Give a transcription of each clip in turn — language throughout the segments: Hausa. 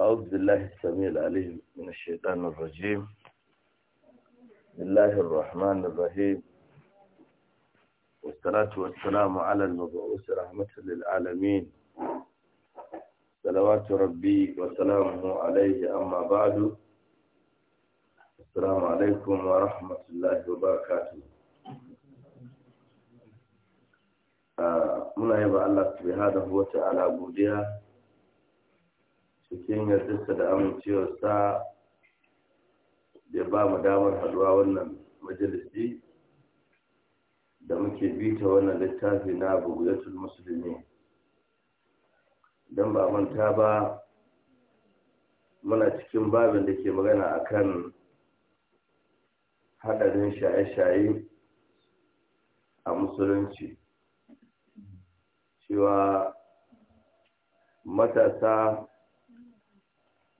أعوذ بالله السميع العليم من الشيطان الرجيم بسم الله الرحمن الرحيم والصلاة والسلام على المبعوث رحمة للعالمين صلوات ربي وسلامه عليه أما بعد السلام عليكم ورحمة الله وبركاته muna yaba Allah subhanahu wa ta'ala godiya cikin yardarsa da amincewarsa da ba mu damar haduwa wannan majalisi da muke bita wannan littafi na bugudatul musulmi don ba manta ba muna cikin babin da ke magana akan haɗarin shaye-shaye a musulunci cewa matasa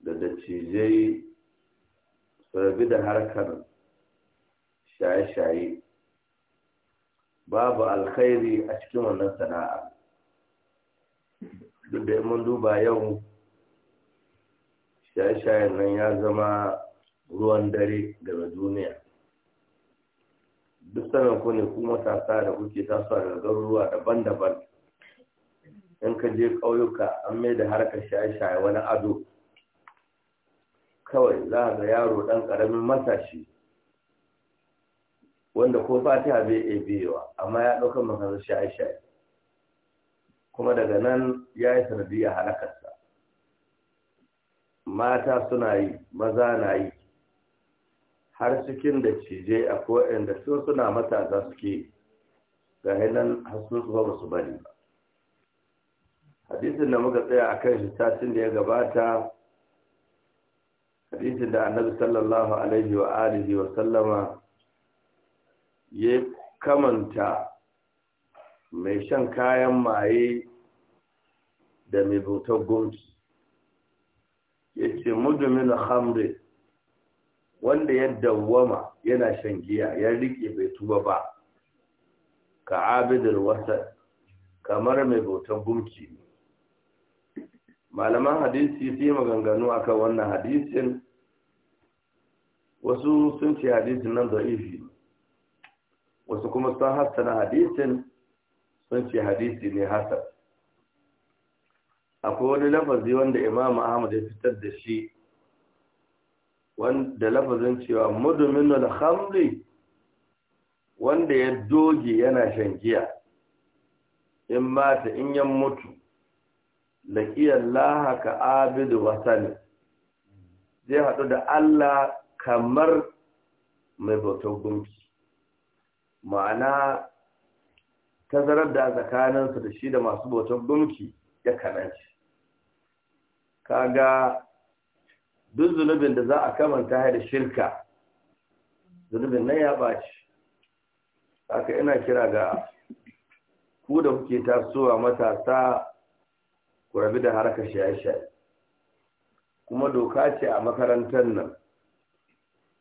da dattijai su da harkar shaye-shaye babu alkhairi a cikin wannan sana'a duk da mun duba yau shaye shaye nan ya zama ruwan dare daga duniya duk sanar ku ne ku matasa da kuke tasowa daga garuruwa daban-daban in ka je ƙauyuka an mai da harkar shaye-shaye wani ado kawai za a ga yaro ɗan ƙaramin matashi wanda ko fatiha bai iya biyewa amma ya ɗaukar makarar shaye-shaye kuma daga nan ya yi sanadiyar halakarsa mata suna yi maza na yi har cikin da cije a ko'in da sun suna matasa suke ga hannun hasun su ba su bari ba hadisin da muka tsaya a kan shi da ya gabata hadisin da annabi sallallahu alaihi wa alihi wa sallama ya kamanta mai shan kayan maye da mai bautar gunki ya ce mudumin hamri wanda ya dawwama yana shan giya ya riƙe bai tuba ba ka abidar wasa kamar mai bautar gunki ne malaman hadisi su yi maganganu akan wannan hadisin wasu sun ce hadisin nan da'ifi wasu kuma sun hassana hadisin sun ce hadisi ne hasan akwai wani lafazi wanda imam ahmad ya fitar da shi wanda lafazin cewa mudumin khamri wanda ya doge yana shan giya in mata in yan mutu Allah ka abidu wasani zai haɗu da Allah kamar mai bautar gunki ma'ana tazarar da tsakaninsu da shi da masu bautar gunki ya kaɗanci kaga duk zunubin da za a kamanta da shirka zunubin nan ya ɓaci haka ina kira ga ku da kuke tasowa matasa ku rabu da harka shaye-shaye kuma doka ce a makarantar nan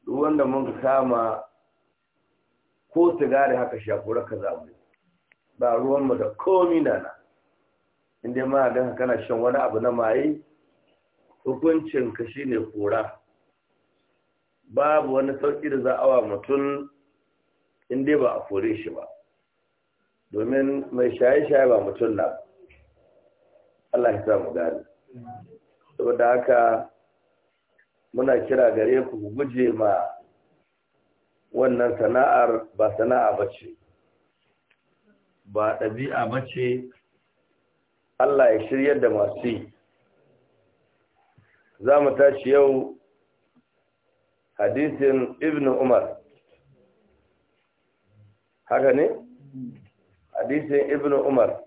duk wanda mun kama ko sigari haka shakura ka zamu ba ruwanmu da komi nana inda ma ga kana shan wani abu na maye hukuncin ka ne kura babu wani sauƙi da za wa mutum inda ba a kore shi ba domin mai shaye-shaye ba mutum na ba Allah ya samu gani saboda haka muna kira gare ku guje ma wannan sana'ar ba sana'a ba ce ba ɗabi'a ba ce Allah ya shirya da masu yi za mu tashi yau hadisin ibn umar haka ne hadisin ibn umar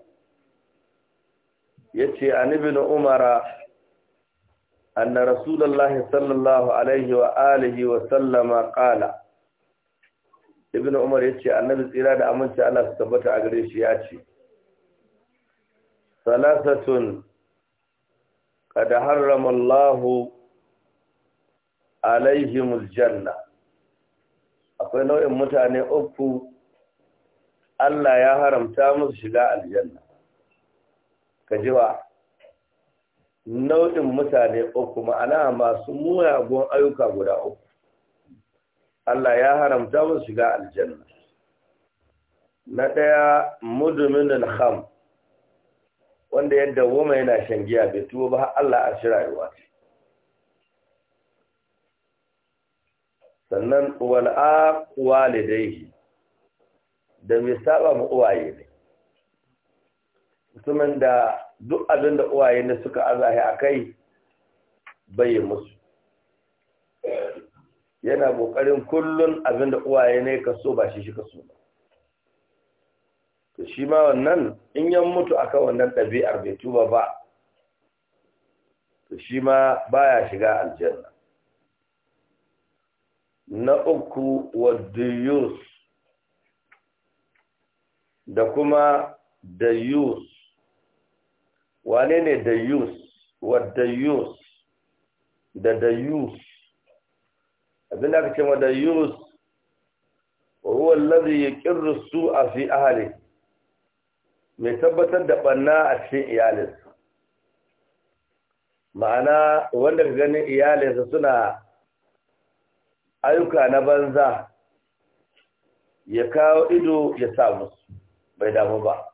yace an ibn umara anna rasulullahi sallallahu alaihi wa alihi wa sallama qala ibn umar yace annabi tsira da aminci Allah su tabbata a gare shi yace salasatun qad harrama Allahu alaihimul janna akwai nau'in mutane uku Allah ya haramta musu shiga aljanna ka jiwa nau'in mutane uku ma'ana masu muyagun ayyuka guda uku Allah ya haramta mu shiga aljanna na ɗaya mudumin ham wanda yadda goma yana shan giya bai tuwo ba Allah a shi rayuwa ce sannan wal'a da mai saba mu uwaye ne mutumin da duk abin da uwaye da suka azahi a kai bai musu yana ƙoƙarin kullun abin da uwaye ne ka so ba shi shi ka so shi ma wannan in yan mutu a kan wannan ɗabi'ar bai tuba ba to shi ma baya shiga aljanna na uku wadda da kuma da yus wane ne dayus wadda yus da dayus abinda aka ce da yus lazi ya kirru su a fi ahali mai tabbatar da ɓanna a cikin iyalinsa ma'ana wanda ka ganin iyalinsa suna ayyuka na banza ya kawo ido ya samu. bai damu ba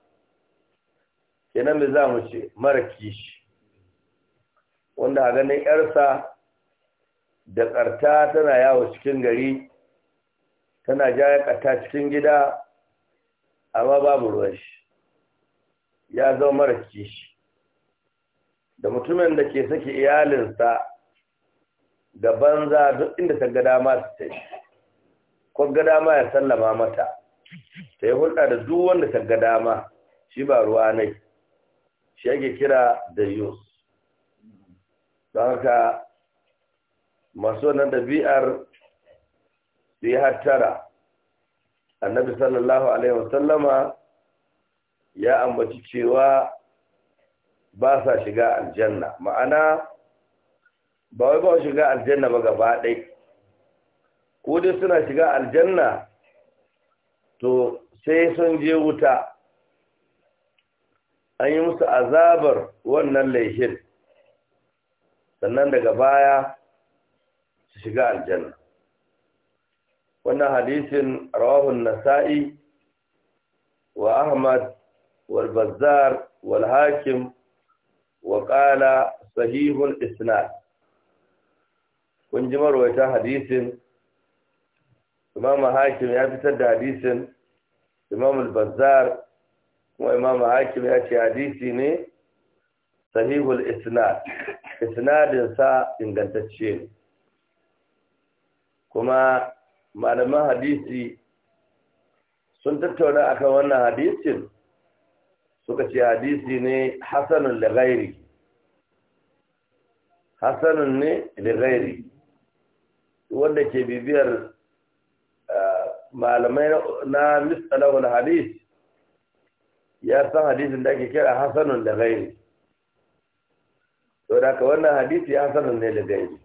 kenan mai za mu ce mara kishi wanda a ganin yarsa da ƙarta tana yawo cikin gari tana ya ƙarta cikin gida amma babu ruwan shi ya zama mara kishi da mutumin da ke sake iyalinsa da banza duk inda ta ga dama su ta yi ko ga dama ya sallama mata ta yi hulɗa da duk wanda ta ga dama shi ba ruwa nai shi ake kira da yus don haka masu wannan ɗabi'ar su yi hattara annabi sallallahu alaihi wasallama ya ambaci cewa ba sa shiga aljanna ma'ana ba wai ba shiga aljanna ba gaba ɗai ko dai suna shiga aljanna to sai sun je wuta an yi musu azabar wannan laihin sannan daga baya su shiga aljanna wannan hadisin rawahun nasa'i wa ahmad wal bazzar wal hakim wa qala sahihul isnad kun ji marwaita hadisin imam hakim ya fitar da hadisin imam al bazzar wa imam hakim ya ce hadisi ne sahihul isnad isnadin sa ingantacce kuma malaman hadisi sun tattauna akan wannan hadisin suka ce hadisi ne hasanun da gairi hasanun ne da gairi wanda ke bibiyar eh, malamai na misalahul hadisi ya san hadisin da ake kira hasanun da gairi to da ka wannan hadisi hasanun ne da gairi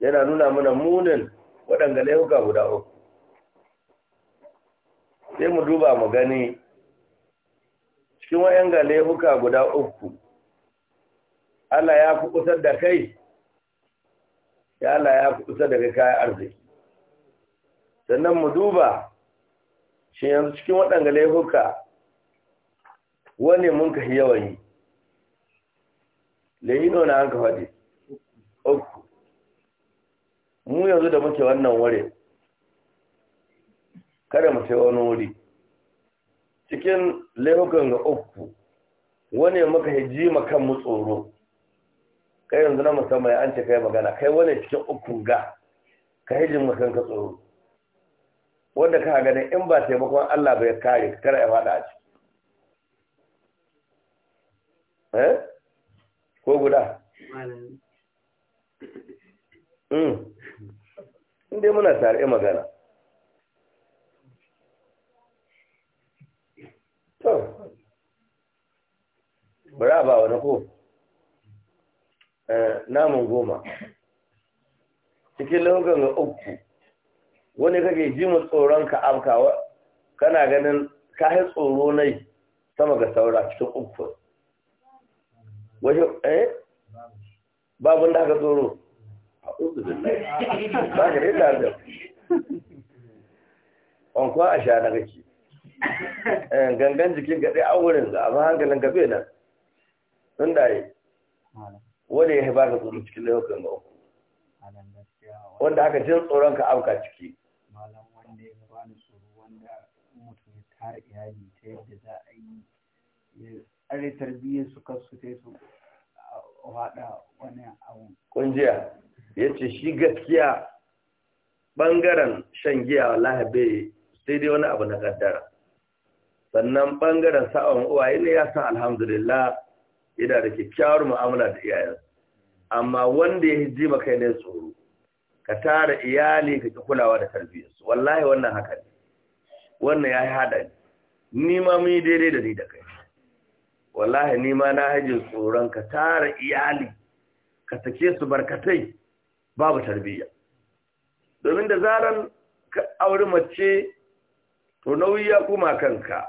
yana nuna mana munin waɗanda laifuka guda uku sai mu duba mu gani cikin waɗanda laifuka guda uku Allah ya kusar da kai ya Allah ya kuɓutar da kai kayan arziki sannan mu duba shi yanzu cikin waɗanda laifuka wane mun ka yawan yi lehino na an ka faɗi uku mu yanzu da muke wannan ware kada mu sai wani wuri cikin laifukan ga uku wane muka hiji makan mu tsoro kai yanzu na musamman an ce kai magana kai wane cikin uku ga ka hijin makan ka tsoro wanda ka gani in ba taimakon Allah bai kare kada ya fada a ciki eh ko guda inda muna tare magana to bara wani ko namun goma cikin lokacin uku wani kake ji mu tsoron ka amkawa kana ganin ka yi tsoro nai sama ga saura cikin uku waje eh babun da aka tsoro a da ba ka da on a sha na kake eh, gangan jikin ka a wurin za a hankalin ka nan tun da yi ya ba ka tsoro cikin laifukan ba. wanda aka jin tsoron ka abuka ciki malam ya bani tsoro wanda mutum ya iyali ta yadda za a are tarbiyyar su kar su su haɗa wani abu kungiya ce shi gaskiya ɓangaren shan giya wallahi bai sai dai wani abu na kaddara sannan ɓangaren sa'awan uwaye ne ya san alhamdulillah yana da kyakkyawar mu'amala da iyayen. amma wanda ya jima kai ne tsoro ka tara iyali ka ki kulawa da tarbiyyarsu wallahi wannan haka ne wannan ya yi haɗari ni ma mun yi daidai da ni da kai wallahi ni ma na haje tsoron ka tara iyali ka take su barkatai babu tarbiyya domin da zaran ka auri mace to nauyi ya kuma kanka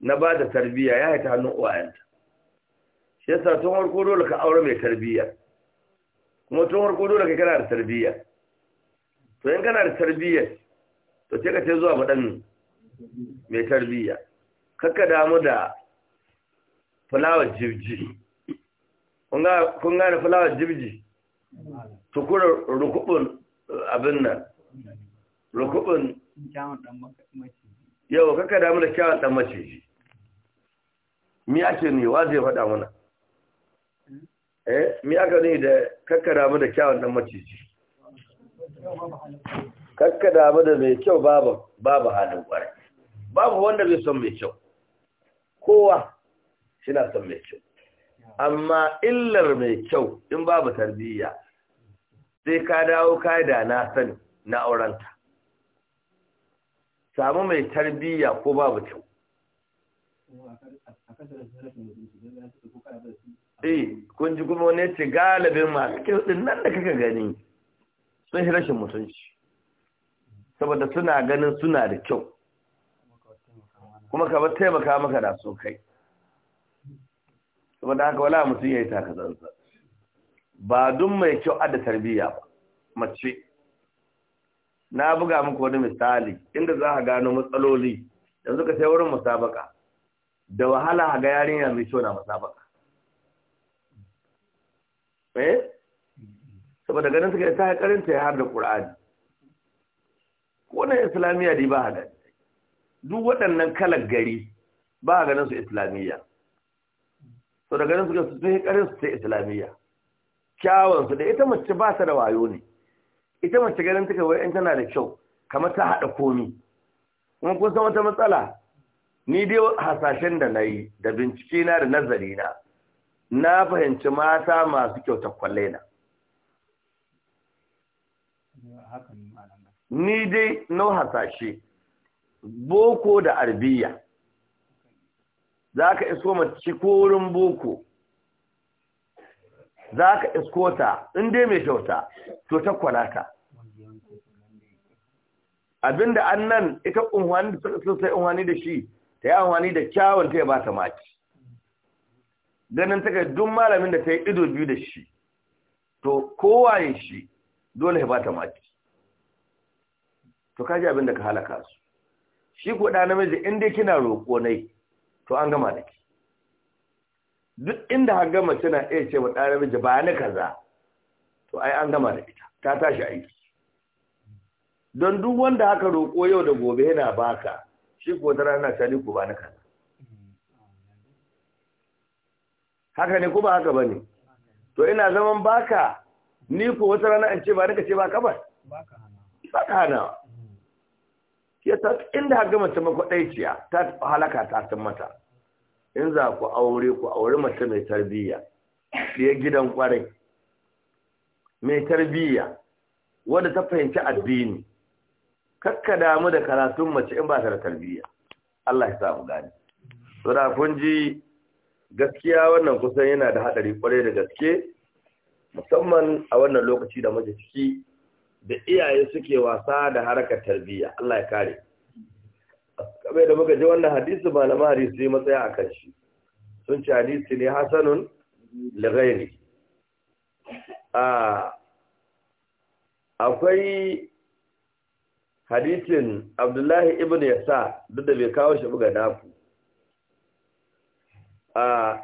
na bada da tarbiyya ya haita hannun uwayenta shi yasa tun harko dole ka aure mai tarbiyya kuma tun harko dole ka kana da tarbiyya to in kana da tarbiyya to sai ka ce zuwa madan mai tarbiyya kakka damu da fulawar jibji kun gane fulawar jibji kura rukubin abin nan rukubin yau kaka damu da kyawun dan maciji mi ake ne wa zai faɗa mana eh mi aka ne da kaka damu da kyawun dan maciji kakka damu da mai kyau babu babu halin kwarai babu wanda bai son mai kyau kowa Shina san son mai kyau amma illar mai kyau in babu tarbiyya sai ka dawo da na sani na aurenta samu mai tarbiyya ko babu kyau eh kun ji kuma wani ce galibin masu kyau din nan da kaka gani sun shi rashin mutunci saboda suna ganin suna da kyau kuma ka bar taimaka maka da so kai da haka wala mutum ya yi takazansa ba dun mai kyau a da tarbiyya ba mace na buga muku wani misali inda za a gano matsaloli yanzu ka sai wurin musabaka da wahala ga yarinya mai kyau na musabaka eh saboda ganin suka ta karinta ya har da qur'ani wannan islamiyya dai ba hada duk waɗannan kalar gari ba ganin su islamiyya so daga nan suka sun yi karin su ta islamiyya kyawunsu da ita mace ba ta da wayo ne ita mace ganin take wai in tana da kyau kamar ta haɗa komi kuma kun san wata matsala ni dai hasashen da nayi yi da bincike na da nazari na na fahimci mata masu kyauta kwalle na ni dai na hasashe boko da arbiya za ka isko mace ko wurin boko za ka isko ta inda mai kyauta to ta ta abinda an nan ita unhwani da suka unhwani da shi ta yi unhwani da kyawun ta ya ba ta maki ganin ta dun malamin da ta yi ido biyu da shi to kowaye shi dole ya ba ta maki to kaji abinda ka halaka su shi ko ɗa namiji inda kina roƙo yi. to an gama da ke duk inda an gama tana iya ce wa ɗan namiji ba ni kaza to ai an gama da ita ta tashi aiki don duk wanda haka roƙo yau da gobe yana baka shi ko ta rana ta ku ba ni kaza haka ne ko ba haka ba ne to ina zaman baka ni ko wata rana in ce ba ni ka ce ba kabar ba ka hana ya ta inda ga mace makwaɗaiciya ta halaka ta san mata in za ku aure ku aure mace mai tarbiyya ya gidan kwarai mai tarbiyya Wanda ta fahimci addini kakka damu da karatun mace in ba ta da tarbiyya Allah ya samu gani saboda kun ji gaskiya wannan kusan yana da hadari kwarai da gaske musamman a wannan lokaci da mace ciki da iyaye suke wasa da harkar tarbiyya Allah ya kare kamar da muka ji wannan hadisi malama hadisi matsaya a kan shi sun ci hadisi ne hasanun laghairi akwai hadisin abdullahi ibn yasa duk da bai kawo shi buga naku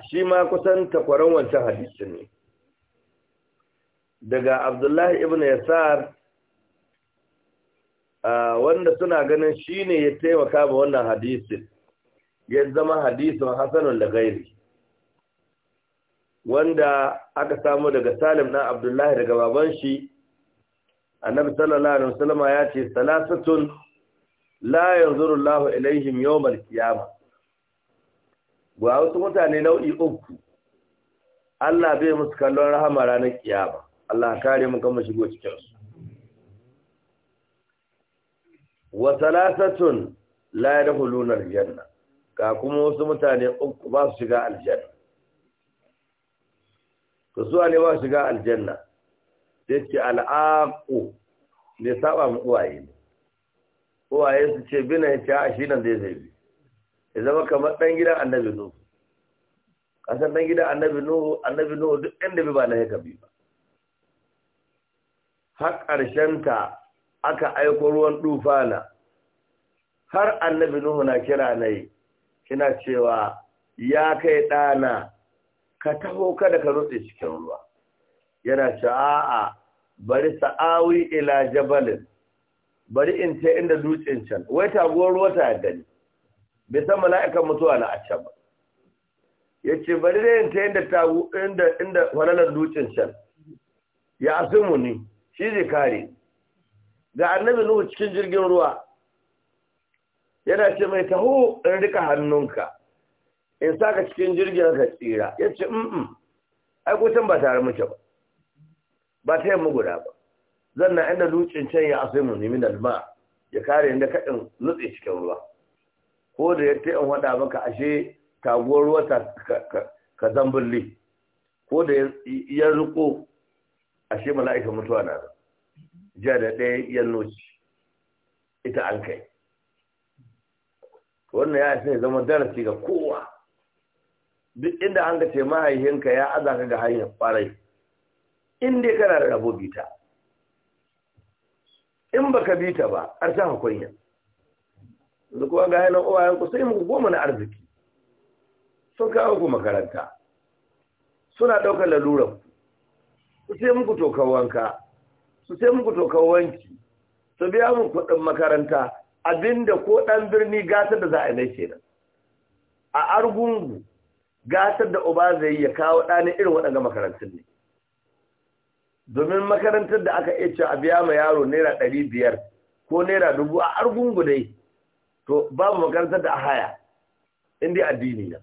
shi ma kusan takwaron wancan hadisi ne daga abdullahi ibn yasar Ah, wanda suna ganin shine ya taimaka ba wannan hadisin ya zama hadisin hasanun da gairi wanda aka samu daga salim na abdullahi daga baban shi annabi sallallahu alaihi wasallam ya ce salasatun la yanzuru Allahu ilaihim yawmal Ba ba wasu mutane nau'i uku Allah bai musu kallon rahama ranar kiyama Allah kare mu kan mu shigo cikin su wa salasatun la yadkhuluna aljanna ka kuma wasu mutane uku ba su shiga aljanna to zuwa ne ba su shiga aljanna sai ce al'aqu ne saba mu uwaye ne uwaye su ce bina ya ce a shi nan zai zai bi ya zama kamar dan gidan annabi nuhu kasan dan gidan annabi nuhu annabi nuhu duk inda bi ba na haka bi ba har ƙarshen ta aka aiko ruwan na. har annabi nuhu na kira nai kina cewa ya kai ɗana ka taho kada ka rutse cikin ruwa yana cewa a bari sa'awi ila jabalin bari in ce inda dutsen can wai taguwar ruwa ta gani bai san mala'ikan mutuwa na a can ba ya ce bari dai in ta inda tagu inda inda dutsen can ya asimu ni shi zai kare ga annabi nuhu cikin jirgin ruwa yana ce mai taho in rika hannunka in saka cikin jirgin ka tsira ya ce mm ai kusan ba tare muke ba ba ta yin guda ba zan na inda lucin can ya asai mu nemi dalma ya kare inda kaɗin nutse cikin ruwa ko da ya ta yin waɗa maka ashe taguwar ruwa ta ka zambulli ko da ya riko ashe mala'ikan mutuwa na nan ja da ɗaya noci ita an kai wannan ya isa ya zama darasi ga kowa duk inda an ka ce mahaihinka ya aza ka ga hanyar kwarai in dai kana da rabo bita in baka bita ba ƙarshen yin da kuma ga hanyar uwayen ku sai muku goma na arziki sun kawo ku makaranta suna ɗaukar lalurar ku sai muku tokan wanka su sai muku tokan wanki su biya mu kuɗin makaranta abinda ko ɗan birni gasar da za a yi ke nan a argungu gasar da uba zai ya kawo ɗanin irin waɗanda makarantun ne domin makarantar da aka iya a biya ma yaro naira ɗari biyar ko naira dubu a argungu dai to babu makarantar da a haya inda addini na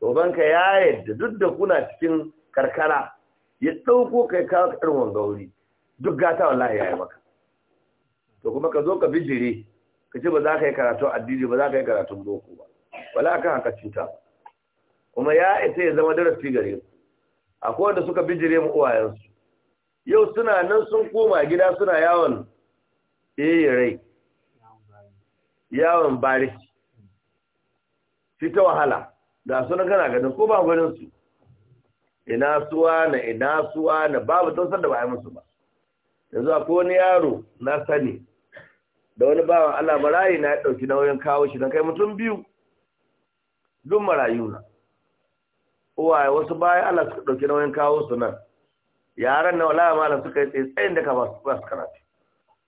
to banka ya yadda duk da kuna cikin karkara ya ɗauko kai kawo irin wanga wuri duk gata wallahi ya maka to kuma ka zo ka bijire ka ce ba za ka yi karatun addini ba za ka yi karatun boko ba wala ka haka cuta kuma ya isa ya zama darasi gare ku. akwai wanda suka bijire mu uwayensu yau suna nan sun koma gida suna yawon eh, rai yawon bariki fita wahala da suna gana ganin ko ba su ina suwa na ina suwa na babu tausar da ba a yi musu ba yanzu akwai wani yaro na sani da wani bawa Allah marayi na ya ɗauki nauyin kawo shi don kai mutum biyu duk marayu na uwaye wasu bayan Allah suka ɗauki nauyin kawo su nan yaran na wala malam suka yi tsayin da ka ba su karatu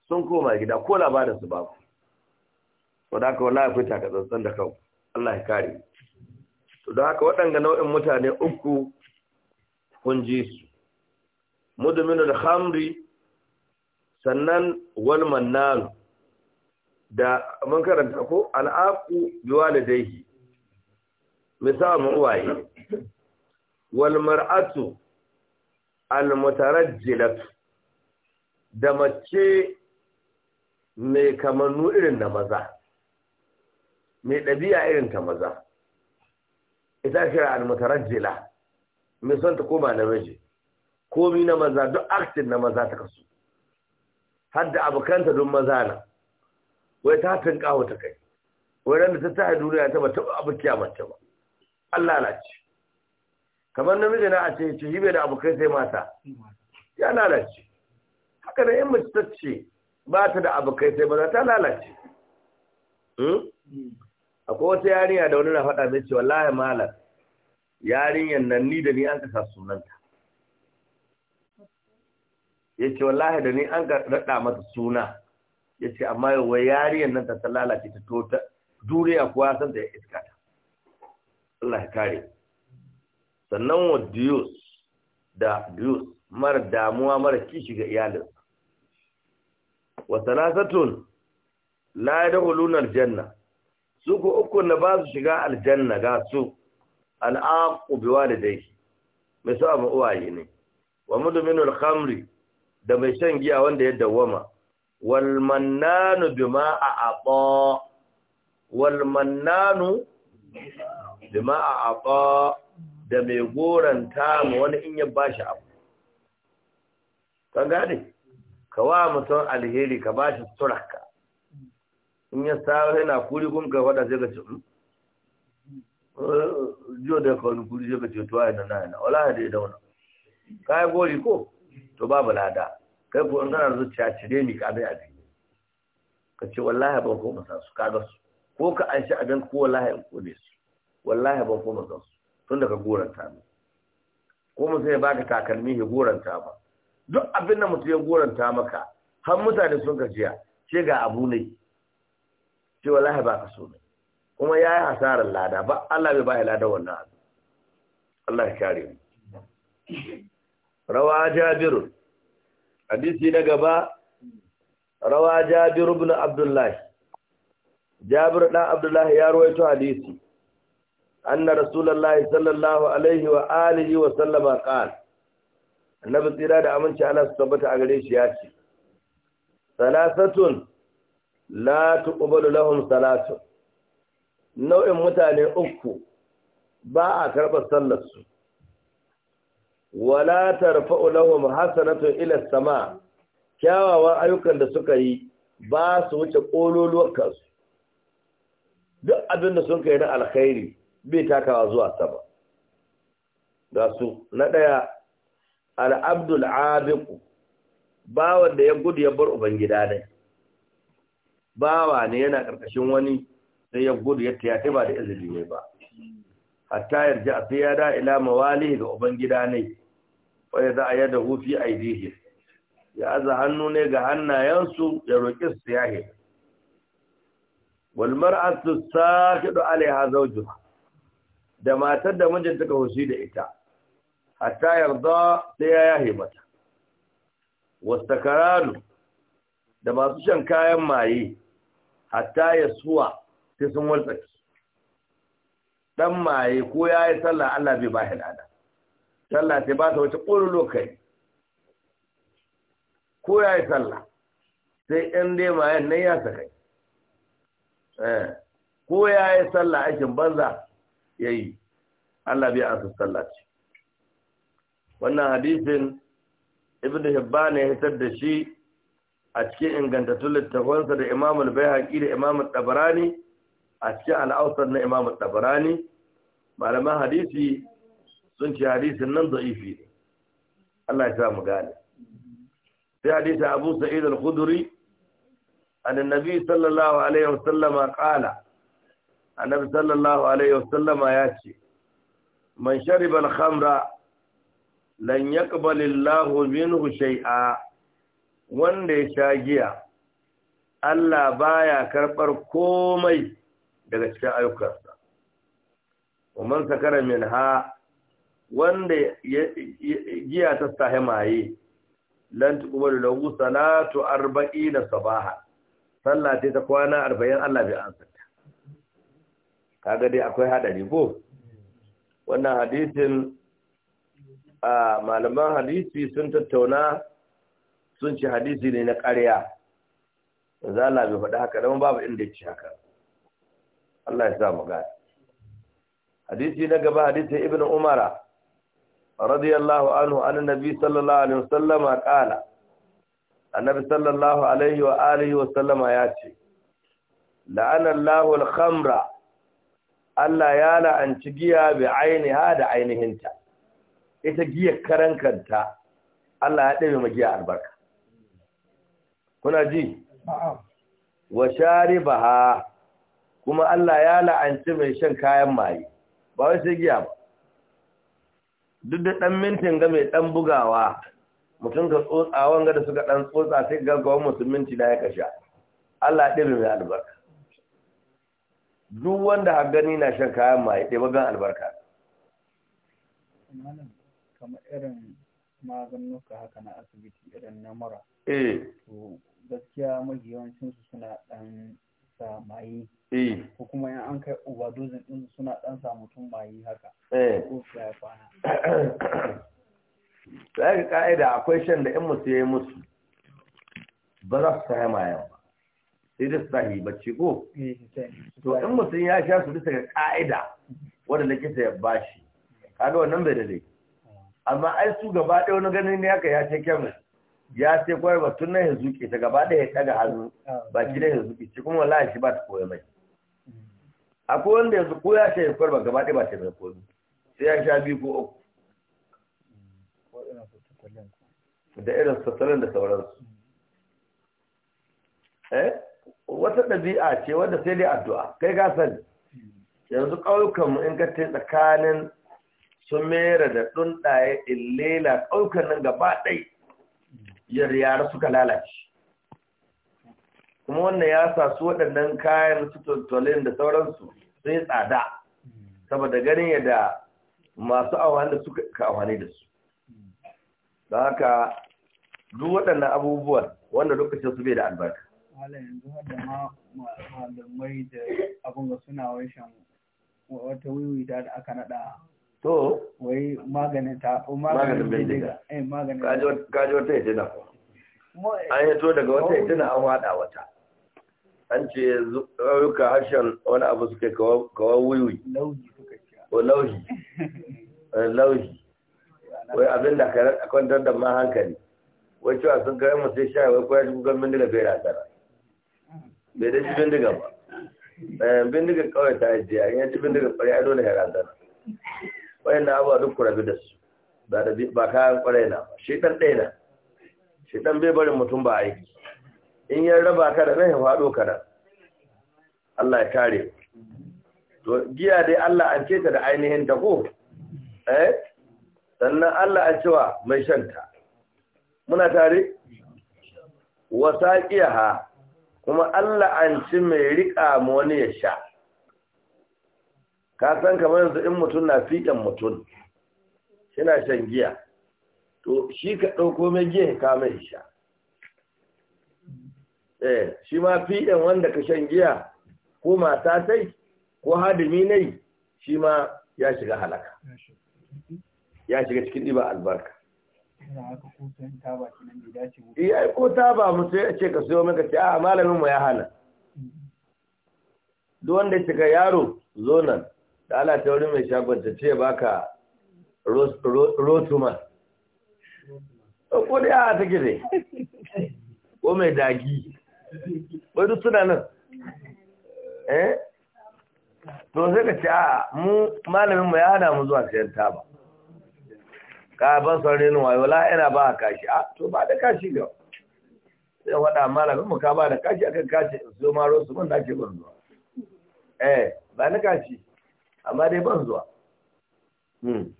sun koma gida ko labarin su ba ku wadda aka wala akwai takatsantsan da kawo Allah ya kare to don haka waɗanga nau'in mutane uku kun ji su mudumin da hamri sannan walmannan da mun karanta ko al'aqu bi walidayhi misalin uwaye wal mar'atu al da mace mai kamannu irin da maza mai ɗabi'a irin ta maza ita kira al-mutarajjila mai son ta koma namiji komi na maza duk aktin na maza ta kasu Hadda abokanta don maza na wai ta kawo ta kai wai ran da ta tahi duniya ta ba taɓa abu kiyamata ba Allah lalace kamar namiji na a ce ci hibe da abokai sai mata ya lalace haka da yin mace ta ce ba ta da abokai sai maza ta lalace hmm? akwai wata yarinya da wani na faɗa mai ce wallahi malam yarinyan nan ni da ni an kasa sunanta ya ce wallahi da ni an raɗa masa suna ya ce amma yawa yariyar nan ta lalace ta tota duniya kuwa san da ya iska ta Allah ya kare sannan wa Dios da Dios mara damuwa mara kishi ga iyalin wa salasatun la yadkhuluna aljanna su ko uku na ba su shiga aljanna ga su da biwalidayhi mai sa uwaye ne wa mudminul khamri da mai shan giya wanda ya dawwama wal mannanu bima a'ata wal mannanu bima a'ata da mai goranta mu wani in ya bashi abu ka gane ka wa mutum alheri ka bashi suraka in ya sawo yana kuri kuma ka wada sai ka ci. Hmm? Eh, jiyo da ka kuri sai ka ci tuwa yana na yana wala da ya dauna ka yi gori ko to babu lada kai ko in kana zuciya cire ni ka bai abin ka ce wallahi ban ko masa su ka su ko ka an shi abin ko wallahi in kone su wallahi ban ko masa su tun da ka goranta ni ko mutum ya baka takalmi ya goranta ba duk abin da mutum ya goranta maka har mutane sun gajiya ce ga abu ne ce wallahi ba ka so ne kuma ya yi hasarar lada ba Allah bai ba ya lada wannan abu Allah ya kare mu rawa jabir hadisi na gaba rawa jabir ibn abdullahi jabir dan abdullahi ya rawaito hadisi anna rasulullahi sallallahu alaihi wa alihi wa sallama qala annabi tsira da aminci Allah su tabbata a gare shi ya ce salasatun la tuqbalu lahum Salatu. nau'in mutane uku ba a karɓar sallar su wala tarfa'u lahum hasanatu ila sama kyawawan ayyukan da suka yi ba su wuce kololuwar kansu duk abin da sun kai na alkhairi bai takawa zuwa sama ga su na daya al-abdul abiq ba da ya gudu ya bar ubangida ne bawa ne yana karkashin wani sai ya gudu ya tiyata ba da izini ne ba hatta yarja sai ya da ila mawalihi ga ubangida ne wai za a da hufi a idihi ya aza hannu ne ga hannayensu ya roƙi su yahe walmar an su sakidu alaiha zauju da matar da mijinta ka hushi da ita hatta yarda sai ya yahe mata wasu da masu shan kayan maye hatta ya suwa sai sun waltsaki dan maye ko ya yi sallah Allah bai ba shi sallah sai ba ta wuce ƙoro lokai ko ya yi sallah sai ɗan dai yan nan ya sakai eh, ko ya yi sallah aikin banza ya yi Allah biya an su sallah ce wannan hadisin ibn hibban ya hitar da shi a cikin ingantattun littafansa da imam al-bayhaqi da imam al-tabarani a cikin al'ausar na imam al-tabarani malaman hadisi sun ce hadisin nan da'ifi ne Allah ya sa mu gane sai hadisi Abu Sa'id al-Khudri an annabi sallallahu alaihi wasallama qala annabi sallallahu alaihi wasallama ya ce man shariba al-khamra lan yaqbalu Allahu minhu shay'a wanda ya sha giya Allah baya karbar komai daga cikin ayyukansa. Umar sakara min ha wanda giya ta sahi maye lan da lahu salatu 40 sabaha sallah ta kwana arba'in Allah bai ansa kaga dai akwai hadari ko wannan hadisin a malaman hadisi sun tattauna sun ci hadisi ne na ƙarya a bai faɗi haka don babu inda ci haka Allah ya sa mu gani hadisi na gaba hadisi ibn umara radiyallahu anhu an annabi sallallahu alaihi wa alihi wasallama yace la'ana Allahu Allah ya la'anci giya bi ainiha da ainihinta ita giyar karan Allah ya ɗabe ma giya albarka kuna ji wa sharibaha kuma Allah ya la'anci mai shan kayan maye ba wai giya ba duk da ɗan mintin ga mai ɗan bugawa mutum ka tsotsa wanga da suka ɗan tsotsa sai ga gawan mutum minti da ya kasha Allah ɗirin mai albarka duk wanda har gani na shan kayan maye ɗaya gan albarka kamar irin maganuka haka na asibiti irin na mura eh gaskiya mafi yawancin su suna ɗan sa maye eh. ko kuma yan an kai overdose din suna dan sa mutum maye haka eh. ko ya kwana sai ga ka'ida akwai shan da in musu yayi musu ba za su sa mayan ba sai da sahi bacci ko eh, to in mutum ya sha su bisa ga ka'ida wanda likita ya bashi kaga wannan bai da laifi hmm. amma ai su gaba ɗaya wani ganin ne aka ya ce kemis ya sai koyar ba tun nan ya zuke ta gaba da ya daga hannu ba shi da ya zuke shi kuma wallahi shi ba ta koya mai akwai wanda yanzu ko ya sai koyar ba gaba ɗaya ba ta mai komi sai ya sha biyu ko uku da irin sassanin da sauransu eh wata ɗabi'a ce wanda sai dai addu'a kai ka sani yanzu mu in ka ce tsakanin su mera da ɗunɗaye illela ƙauyukan nan gaba ɗaya. yara suka lalace kuma wannan ya sa su waɗannan kayan su tolin da sauransu sun yi tsada saboda ganin yadda masu awani da suka kawani da su da haka duk waɗannan abubuwan wanda lokacin su bai da albarka hala yanzu hada ma malamai da abin ga suna wai wata wiwi da aka nada to wai maganin ta ko maganin bindiga eh maganin kaji kaji wata yatina eh, an to daga wata yadda oh. an wada wata an ce ƙauyuka harshen wani abu suke kawar wuyi ko lauhi eh, lauji wai abin da kare a kwantar da ma hankali wai cewa sun kare mu sai sha wai kuwa shi kukan bindiga bai rasara hmm. bai da shi bindiga ba eh, bindiga kawai ta yi jiya an yi bindiga kwari a dole ya rasara wayanda abuwa duk kurabi da su ba kayan kwarai na ba shi ɗan ɗaya na shi ɗan bai barin mutum ba aiki in ya raba ka da nan ya faɗo ka da Allah ya kare to giya dai Allah an ce ta da ainihin ta ko eh sannan Allah an cewa mai shanta muna tare wasaqiha kuma Allah an ci mai riƙa mu wani ya sha ka san kamar yanzu in mutum na fiƙen mutum yana shan giya to shi ka ɗauko mai giya ka mai sha eh shi ma fiƙen wanda ka shan giya ko mata sai ko hadimi nai shi ma ya shiga halaka ya shiga cikin ɗiba albarka eh, iya ko taba mutu ya ce ka siyo maka ce a malamin mu ya hana duk wanda ya shiga yaro zo nan ala ta wuri mai shagwanta ce ka rotuma ko da yawa take ne ko mai dagi wai duk suna nan eh to sai ka ce a mu malamin mu ya hana mu zuwa sayan taba ka ban son renin wayo la ina ba kashi a to ba da kashi ga sai wada malamin mu ka ba da kashi akan kashi su ma rosu da ke gurzuwa eh ba na kashi amma dai ban zuwa hmm.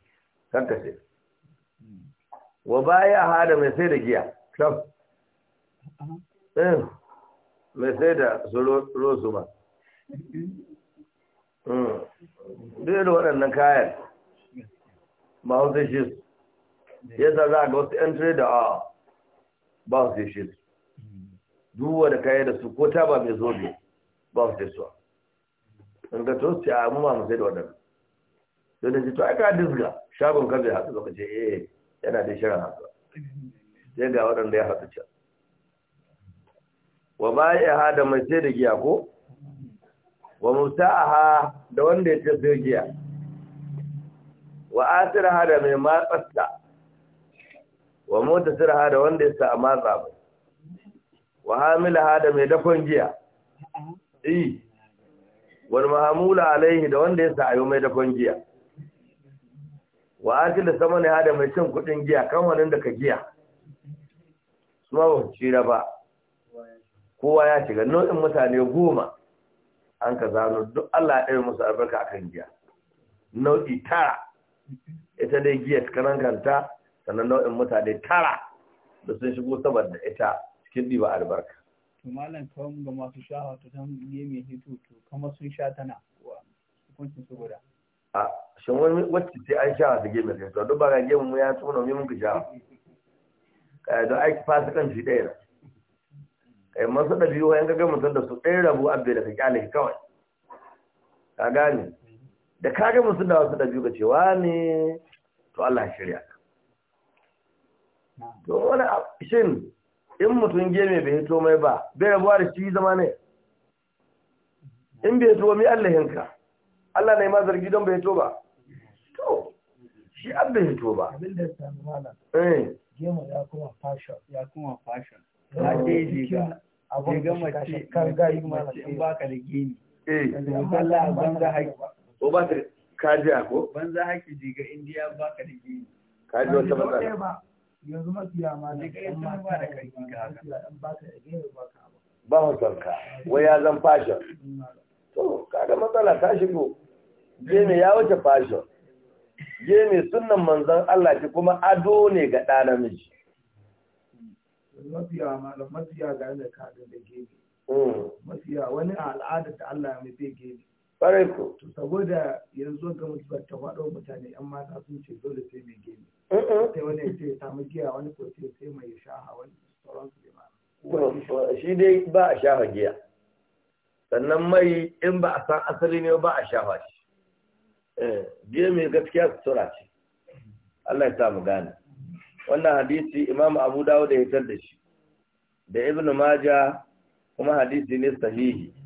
kan ka sai wa baya hada mai sai da giya kam eh, mai sai da su zuma hmm. duk da waɗannan kayan mahausa shi ya yadda za a ga wasu 'yan da a ah, ba su shi duk duwa da kayan da su ko ta ba mai zobe ba su shi ga to sai mu ma mu sai da wannan to ne to aka dizga shagon kabe hatsu baka ce eh yana da shirin hatsu sai ga waɗanda ya hatsu can wa ya hada mai sai da giya ko wa musa'aha da wanda ya tafi giya wa asiraha da mai matsasta wa mota motasiraha da wanda ya sa matsa mai wa hamila da mai dakon giya eh Wani mahamula alaihi da wanda ya sa'ayo mai dakon giya wa akil samani hada mai cin kudin giya kan da ka giya su ma ba ba kowa ya shiga nau'in mutane goma an ka zano duk Allah ya musu albarka akan giya nau'i tara ita dai giya kanan kanta sannan nau'in mutane tara da sun shigo saboda ita cikin ɗiba albarka to malam kawai ga masu shaha to san ne mai hito to kamar sun sha tana wa hukuncin su guda a shin wani wacce sai an sha ta game da to ba ga game mu ya tsona mu mun ka sha kai don aiki fasa kan shi ɗaya na kai masu da biyu yan ga mutum da su ɗaya rabu abbe da ka kyale kawai ka gane da ka ga mutum da wasu da biyu ka ce ne to Allah shirya ka to wani shin in mutum geme bai hito mai ba bai rabuwa da shi zama ne in bai hito mai Allah hinka Allah ne ma zargi don bai hito ba to shi an bai hito ba abin da ya eh. kuma fashion ya kuma fashon ya ce ga abin ga mace kan gari mace in baka da gini eh a banza haki ko ba ta ya ko banza haki jiga indiya baka da gini kaji wata matsala yanzu mafiya ma da kai ba da kai ga haka ba ka da ba ka ba mu sanka wai ya zan fashion mm, to kaga matsala ta shigo je ne ya wuce fashion je ne sunnan manzon Allah ce kuma ado ne ga ɗa namiji mm, mafiya ma da mafiya ga da kaga da gebe mm. mafiya wani al'ada da Allah ya mai gebe Ƙwarai ko. To saboda yanzu ga mutuwar ta faɗo mutane ‘yan mata sun ce dole sai mai gemi. Sai wani ya ce ya samu giya wani ko ce sai mai ya shaha wani sauran su ma. Shi dai ba a shafa giya. Sannan mai in ba a san asali ne ba a shafa shi. Eh, giya mai gaskiya sutura ce. Allah ya samu gane. Wannan hadisi Imam Abu Dawud ya fitar da shi. Da Ibn Majah kuma hadisi ne sahihi.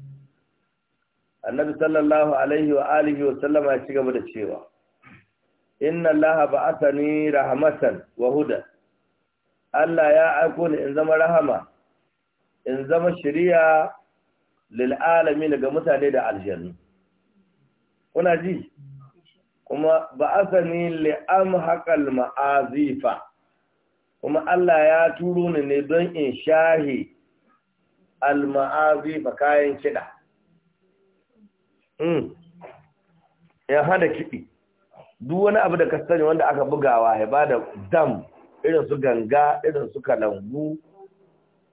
annabi sallallahu alaihi wa alihi wa sallama ya ci gaba da cewa inna allaha ba'athani rahmatan wa huda Allah ya aiko ni in zama rahama in zama shiriya lil alamin ga mutane da aljannu kuna ji kuma ba'athani li amhaqal ma'azifa kuma Allah ya turo ni ne don in shahi al ma'azifa kayan kida Mm. ya hada kiɗi duk wani abu da ka sani wanda aka bugawa ya ba da dam irin su ganga irin su kalangu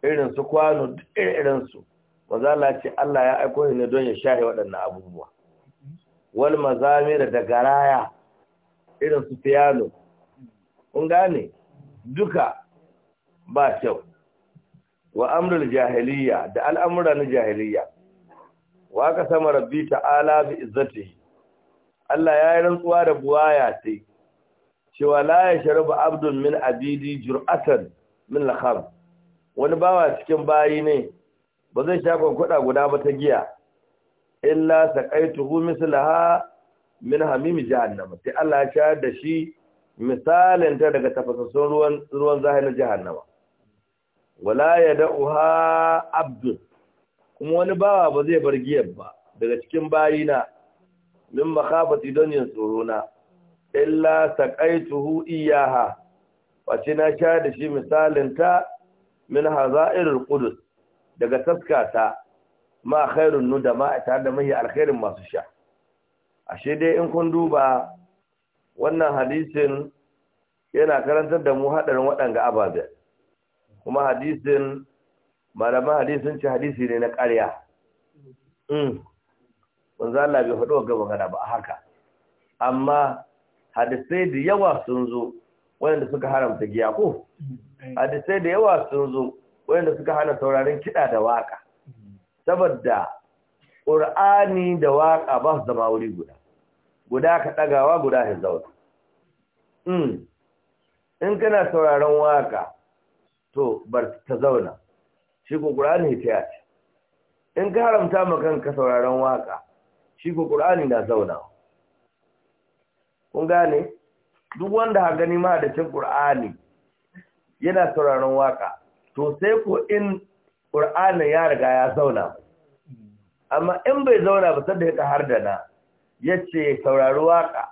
irin su kwano irin su mazala ce Allah ya aiko ne don ya shahe waɗannan abubuwa wal mazamir da garaya irin su piano kun gane duka ba kyau wa amrul jahiliya da al'amura na jahiliya waka sama rabbi ta'ala bi izzatihi Allah ya yi rantsuwa da buwaya sai cewa la ya sharaba abdun min abidi jur'atan min lakhar wani bawa cikin bayi ne ba zai sha kwakwada guda ba ta giya illa saqaituhu mislaha min hamimi jahannama sai Allah ya shayar da shi misalin ta daga tafasasun ruwan ruwan zahirin jahannama wala yad'uha abdun kuma wani bawa ba zai bar giyar ba daga cikin bayina min makafati don yin tsoro na illa saqaituhu iyaha wace na sha da shi misalin ta min hazairul qudus daga taskata ma khairun ma ta da mai alkhairin masu sha ashe dai in kun duba wannan hadisin yana karantar da mu hadarin waɗanga ababe kuma hadisin malaman hadisi sun ce hadisi ne na ƙarya mm. manzo Allah bai faɗo ga magana ba haka amma hadisai da yawa sun zo wanda suka haramta giya ko hadisai da yawa sun zo wanda suka hana sauraron kiɗa da waka saboda ƙur'ani da waka ba su zama wuri guda guda ka ɗagawa guda ya zauna mm. in kana sauraron waka to bar ta zauna shi ko qur'ani ta in ka haramta ma kanka sauraron waka shi ko qur'ani na zauna kun gane duk wanda ha gani ma da cin qur'ani yana sauraron waka to sai ko in qur'ani ya riga ya zauna amma in bai zauna ba sai da ya har da na yace sauraro waka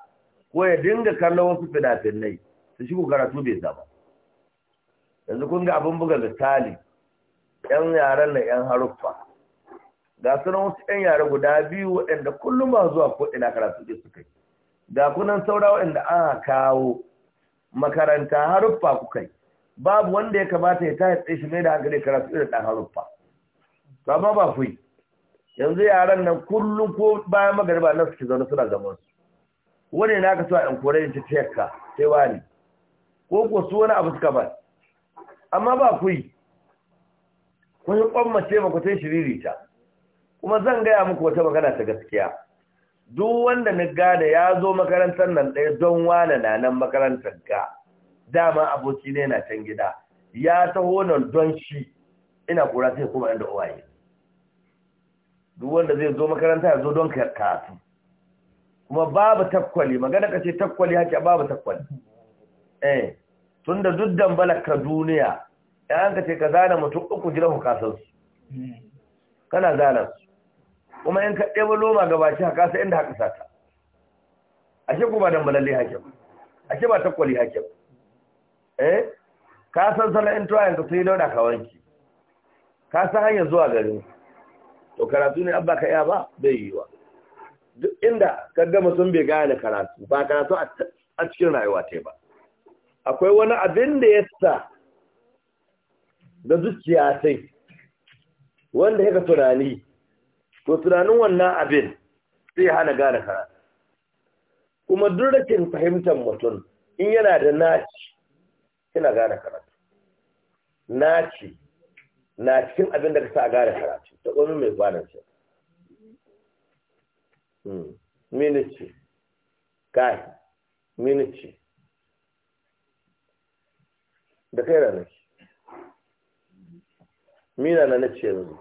ko ya dinga kallon wasu fina-finai su shi ko karatu bai zama yanzu kun ga abin buga misali 'yan yaren na 'yan haruffa ga suna wasu 'yan yare guda biyu waɗanda kullum ba zuwa ko ina karatu da suka yi ga kunan saura waɗanda an kawo makaranta haruffa kuka yi babu wanda ya kamata ya tashi tsaye shi mai da hankali karatu irin ɗan haruffa To amma ba kuyi yanzu yaren nan kullum ko bayan magariba nan suke zaune suna zaman su wani na ka so a encourage ta yakka sai wani ko ko su wani abu suka ba amma ba kuyi kun yi kwammace makwatan shiririta kuma zan gaya muku wata magana ta gaskiya duk wanda na gada ya zo makarantar nan ɗaya don wane na nan makarantar ga dama aboki ne na can gida ya taho nan don shi ina kura sai kuma yadda uwaye duk wanda zai zo makaranta ya zo don karatu kuma babu takwali magana ka ce takwali hake babu takwali eh tun da duk dambalar ka duniya ɗan ka ce ka zana mutum uku ku kasansu kana zana su kuma in ka ɗaya loma gabaci haka sai inda haka sata ashe kuma dan balalle hakim ashe ba takwali hakim eh ka san sana'in tuwayen ka sai lauda ka wanki ka san hanyar zuwa garin to karatu ne abba ka iya ba bai yi wa duk inda ka gama sun bai gane karatu ba karatu a cikin rayuwa ta ba akwai wani abin da ya sa da zuciya sai wanda yaka tunani to tunanin wannan abin sai hana gane karatu kuma durakin fahimtar mutum in yana da naci ina gane karatu naci na cikin abin da ka sa gane karatu ta ƙwami mai kwanan hmm, ce minici kai minici da kai ranarki mina na na nace yanzu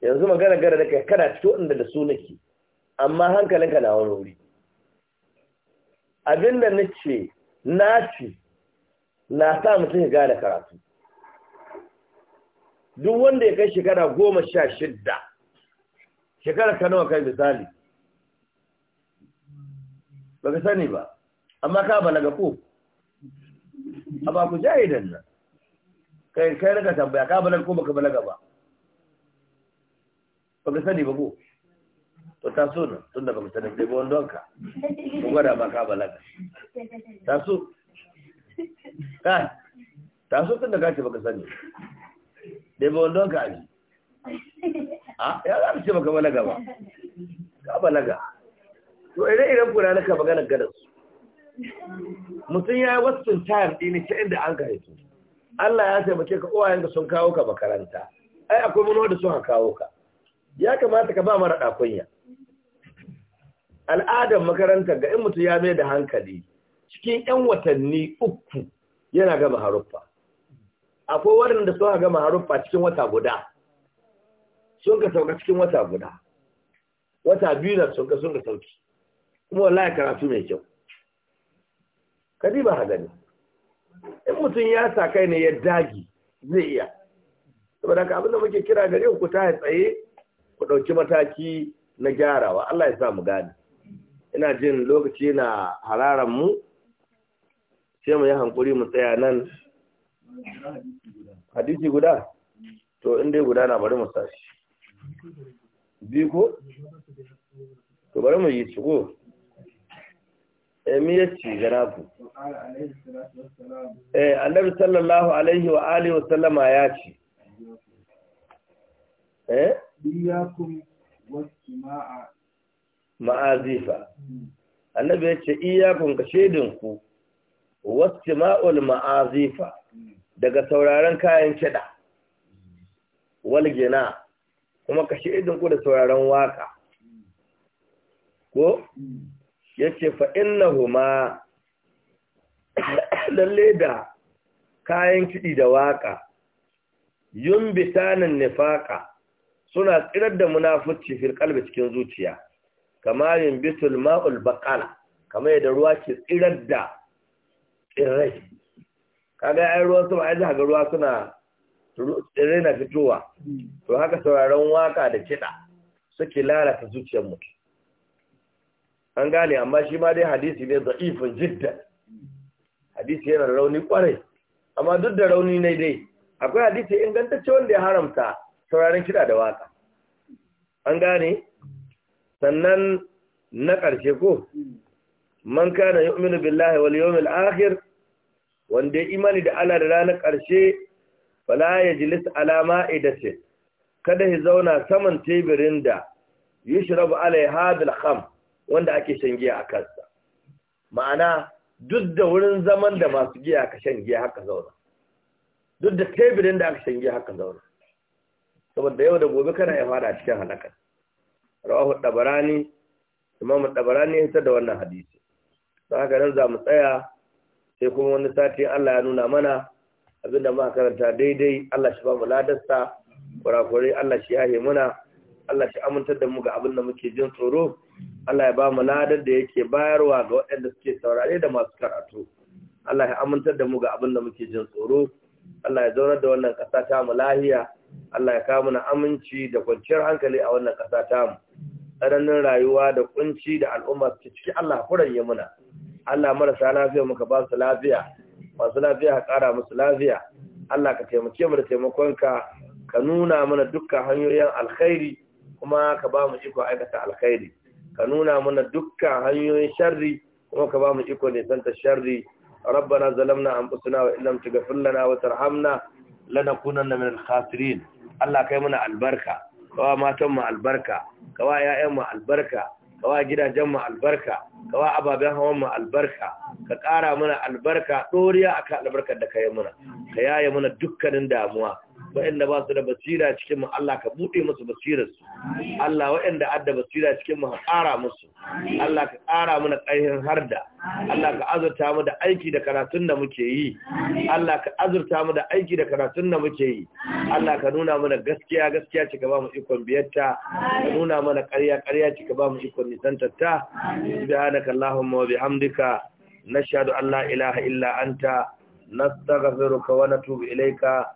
yanzu magana gara da kai kana cikin inda da su nake amma hankalinka na wani wuri abinda nace naci na sa mutum ya gane karatu duk wanda ya kai shekara goma sha shidda shekara ka nawa kai misali ba ka sani ba amma ka balaga ko a ba ku jahidan nan kai kai daga tambaya ka balaga ko baka balaga ba baka sani ba ko to taso na tun daga mutanen ba wanda ka ko gara ba ka balaga ka ta taso tun da ce baka sani ba wanda ka aji a ah, ya za ce baka balaga ba ka balaga to ire idan kuna na ka magana su mutum ya yi wasu tayar ɗini ta inda an ka su Allah ya taimake ka uwayen da sun kawo ka makaranta ai akwai wani da sun kawo ka ya kamata ka ba mara ɗakunya al'adar makaranta, ga in mutum ya mai da hankali cikin 'yan watanni uku yana gama haruffa akwai waɗanda sun gama haruffa cikin wata guda sun ka sauka cikin wata guda wata biyu na sun ka sun ka sauki kuma wallahi karatu mai kyau kadi ba ha gani in mutum ya sa kai ne ya dagi zai iya saboda haka abinda muke kira gare ku ta tsaye ku ɗauki mataki na gyarawa Allah ya sa mu gane ina jin lokaci na hararan mu sai mu yi hankuri mu tsaya nan hadisi guda to in dai guda na bari mu sashi biyu to bari mu yi shi mi ya ce ku. eh annabi sallallahu alaihi wa alihi wa sallama ya ce eh ma'azifa annabi ya ce iyakum ka shedin ku wasima'ul ma'azifa daga sauraron kayan kida wal gina kuma ka shedin ku da sauraron waka ko hmm. yace fa huma lalle da kayan kiɗi da waka yumbitanan nifaƙa suna tsirar da munafurci fil qalbi cikin zuciya kamar yumbitul ma'ul baqala kamar yadda ruwa ke tsirar da tsirrai kaga ai ruwan sama ai za ga ruwa suna tsirrai na fitowa hmm. to haka sauraron waka da kiɗa suke lalata zuciyar mutum an gane amma shi ma dai hadisi ne za'ifin jidda hadisi yana rauni kwarai amma duk da rauni ne dai akwai hadisi ingantacce wanda ya haramta sauraron kiɗa da waka an gane sannan na ƙarshe ko man kana yu'minu billahi wal yawmil akhir wanda imani da Allah da ranar ƙarshe fala yajlis ala ma'idatin kada ya zauna saman tebirin da yushrabu alaiha bil kham wanda ake shan giya a kansa ma'ana duk da wurin zaman da masu giya aka shan giya haka zauna duk da teburin da aka shan giya haka zauna saboda yau da gobe kana ya fara cikin halakar rawahu dabarani imam dabarani ya da wannan hadisi don haka nan za mu tsaya sai kuma wani sati Allah ya nuna mana abinda muka karanta daidai Allah shi ba mu ladarsa kurakurai Allah shi yahe muna Allah shi amintar da mu ga abin da muke jin tsoro Allah ya ba mu ladar da yake bayarwa ga waɗanda suke saurare da masu karatu Allah ya amintar da mu ga abin da muke jin tsoro Allah ya zaunar da wannan ƙasa ta mu lahiya Allah ya kawo mana aminci da kwanciyar hankali a wannan ƙasa ta mu tsananin rayuwa da kunci da al'umma suke ciki Allah ya muna Allah marasa lafiya muka ba su lafiya masu lafiya ka ƙara musu lafiya Allah ka taimake mu da taimakonka ka nuna mana dukkan hanyoyin alkhairi kuma ka ba mu iko aikata alkhairi ka nuna mana dukkan hanyoyin sharri kuma ka ba mu iko ne santa sharri rabbana zalamna anfusana wa illam taghfir lana wa tarhamna lanakunanna minal khasirin Allah kai mana albarka kawa matan mu albarka kawa ƴaƴan mu albarka kawa gidajen mu albarka kawa ababen hawan mu albarka ka ƙara mana albarka doriya akan albarkar da kai mana ka yaye mana dukkanin damuwa waɗanda ba su da basira cikin mu Allah ka buɗe musu basirarsu Allah waɗanda adda basira cikin mu ƙara musu Allah ka ƙara mana ƙarfin harda Allah ka azurta mu da aiki da karatun da muke yi Allah ka azurta mu da aiki da karatun da muke yi Allah ka nuna mana gaskiya gaskiya ci ka ba mu ikon biyarta ka nuna mana ƙarya ƙarya ci ka ba mu ikon ta subhanaka allahumma wa bihamdika nashhadu an la ilaha illa anta nastaghfiruka wa natubu ilayka